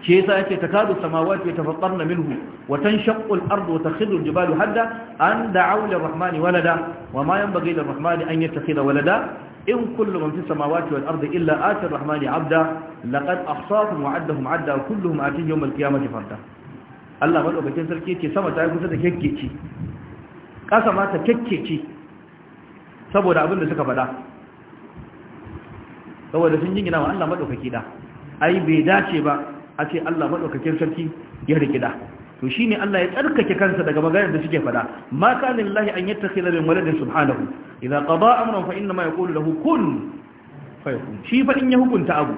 Ke sa yace takadu samawati yatafattarna minhu wa tanshaqqu al-ardu wa takhidhu al-jibalu hadda an da'u lir-rahmani walada wa ma yanbaghi lir-rahmani an yattakhidha walada in kullu man fi samawati wal ardi illa ati rahmani abda laqad ahsahum wa addahum adda kulluhum atin yawm al qiyamati farda Allah madaukakin sarki yake sama ta yi kusa da kekkeci kasa ma ta kekkeci saboda abin da suka faɗa saboda sun jingina wa Allah madaukaki da ai bai dace ba a ce Allah madaukakin sarki ya rikida to ne Allah ya tsarkake kansa daga maganar da suke fada ma kana lillahi an yattakhidha min waladin subhanahu idza qada amran fa inma yaqulu lahu kun fayakun shi fa ya hukunta abu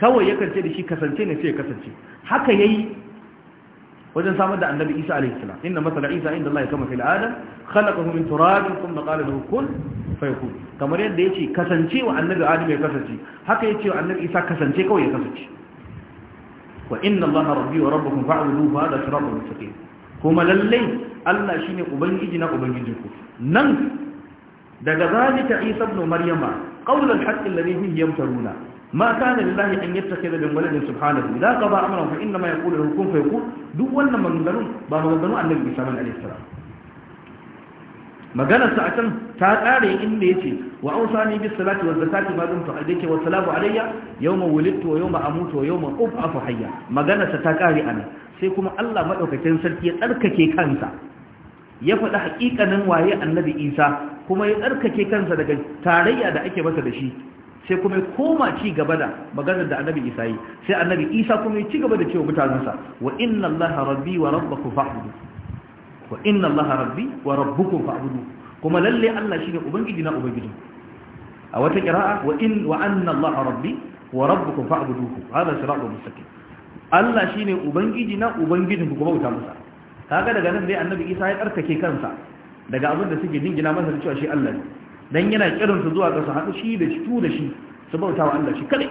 kawai ya kance da shi kasance ne sai ya kasance haka yayi wajen samar da annabi Isa alaihi salam inna masala Isa inda Allah kama fil adam khalaqahu min turab thumma qala lahu kun fayakun kamar yadda yace kasance wa annabi Adam ya kasance haka yace wa annabi Isa kasance kawai ya kasance wa inna allaha rabbi wa rabbukum fa'buduhu hada siratal mustaqim kuma lallai Allah shine ubangiji na ubangijinku nan daga zalika Isa ibn Maryama qawlan haqqi alladhi hum yamtaruna ma kana lillahi an yattakhidha min waladin subhanahu la qada amran fa inma yaqulu lahu kun fayakun duk wannan maganganun ba maganganun annabi Isa alaihi salam maganarsa a can ta ƙare inda ya ce wa ausani bis salati wa zakati ma dumtu alayka wa salamu alayya yawma wulidtu wa yawma amutu wa yawma ub'athu hayya maganarsa ta ƙare anan sai kuma Allah madaukakin sarki ya tsarkake kansa ya faɗi haƙiƙanin waye annabi Isa kuma ya tsarkake kansa daga tarayya da ake masa da shi sai kuma ya koma ci gaba da maganar da annabi Isa yi sai annabi Isa kuma ya ci gaba da cewa mutanensa wa inna allaha rabbi wa rabbakum fa'budu wa inna allaha rabbi wa rabbukum fa'budu kuma lalle Allah shine ubangiji na ubangiji a wata qira'a wa in wa anna allaha rabbi wa rabbukum fa'buduhu hada siratul mustaqim Allah shine ubangiji na ubangijin ku bauta masa kaga daga nan dai annabi Isa ya tsarkake kansa daga abin da suke dingina masa da cewa shi Allah ne dan yana kiran su zuwa ga su haɗu shi da shi da shi su bauta wa Allah shi kadai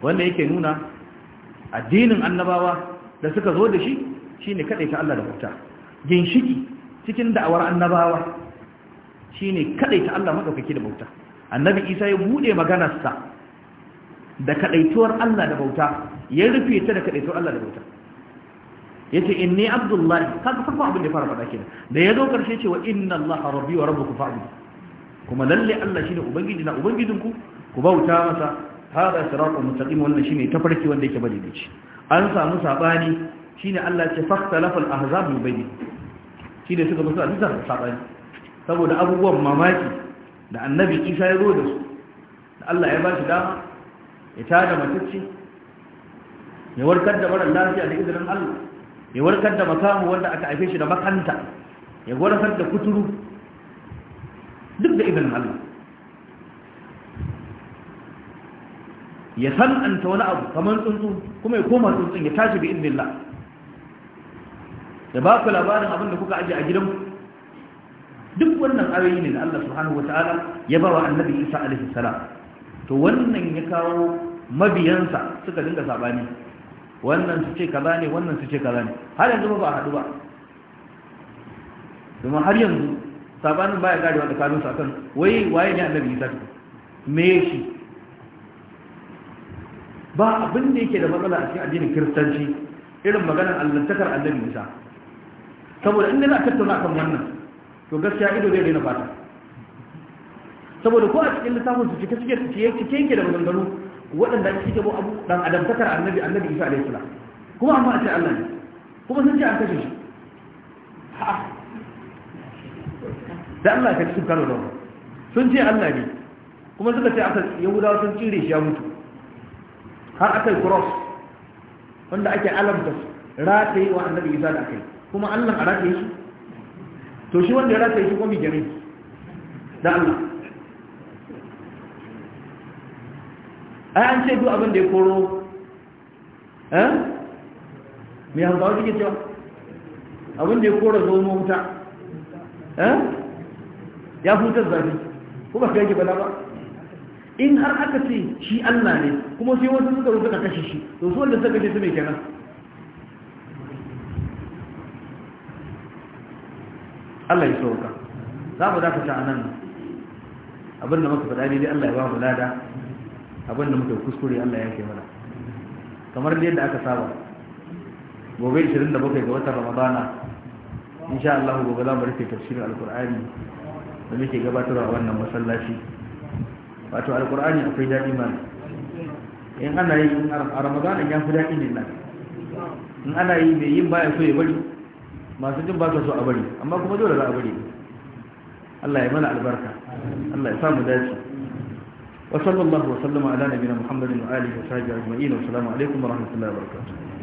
wanda yake nuna addinin annabawa da suka zo da shi shine kadai ta Allah da bauta ginshiki cikin da'awar annabawa shine kadai ta Allah maɗaukaki da bauta annabi Isa ya bude maganarsa da kadaituwar Allah da bauta ya rufe ta da kadaituwar Allah da bauta yace inni abdullahi kaga farko abin da fara faɗa kenan da ya zo karshe ce wa inna allaha rabbi wa ku fa'budu kuma lalle Allah shine ubangiji na ubangijinku ku bauta masa hada siratun mustaqim wannan shine tafarki wanda yake da dace an samu saɓani. shine Allah ce fakhtalafal ahzab shi ne suka musu a da sabani saboda abubuwan mamaki da annabi Isa ya zo da su da Allah ya ba shi dama ya tada matacce ya warkar da marar lafiya da izinin Allah ya warkar da makamu wanda aka haife shi da makanta ya warkar da kuturu duk da izinin Allah ya san'anta wani abu kamar tsuntsu kuma ya koma tsuntsun ya tashi bi idnillah da ba ku labarin abin da kuka aje a gidanku duk wannan ayoyi ne da Allah subhanahu wataala ya ba wa annabi Isa alaihi salam to wannan ya kawo mabiyansa suka dinga sabani wannan su ce kaza ne wannan su ce kaza ne har yanzu ba a haɗu ba domin har yanzu sabanin baya garewa da sa kan wai waye ne annabi Isa me shi ba abin da yake da matsala a cikin addinin kiristanci irin maganar allantakar annabi isa saboda inda za a tattauna kan wannan to gaskiya ido zai daina fata saboda ko a cikin littafin su cike suke cike yake da maganganu waɗanda ake cike abu dan adamtakar annabi annabi isa alaihi salam kuma amma a ce Allah ne kuma sun ce an kashe shi da Allah ka cikin kano da sun ce Allah ne kuma suka ce aka yahudawa sun cire shi ya mutu har aka yi cross wanda ake alamta rataye wa annabi isa da aka yi kuma Allah a rataye shi to shi wanda ya rataye shi kuma gane da Allah ai an ce duk abin da ya koro eh me hausawa suke cewa abin da ya koro zo mu eh ya hutar zafi kuma kai ji bala ba in har aka ce shi Allah ne kuma sai wasu suka rubuta kashe shi to su wanda suka ce su mai kenan Allah ya sauka za mu dakata a nan abinda muka faɗa ne dai Allah ya ba mu lada abinda muka kuskure Allah ya ke mana kamar yadda aka saba gobe 27 ga watan ramadana insha Allah gobe za mu rufe tafsirin alkur'ani da muke gabatarwa a wannan masallaci wato alkur'ani akwai daɗi mana in ana yi a ramadana ya fi daɗi ne na in ana yi mai yin baya so ya bari masu jin ba so a bari amma kuma dole za a bari Allah ya mana albarka Allah ya samu dace wa sallallahu wa sallama ala nabiyina muhammadin wa alihi wa sahbihi ajma'in wa assalamu alaikum wa rahmatullahi wa barakatuh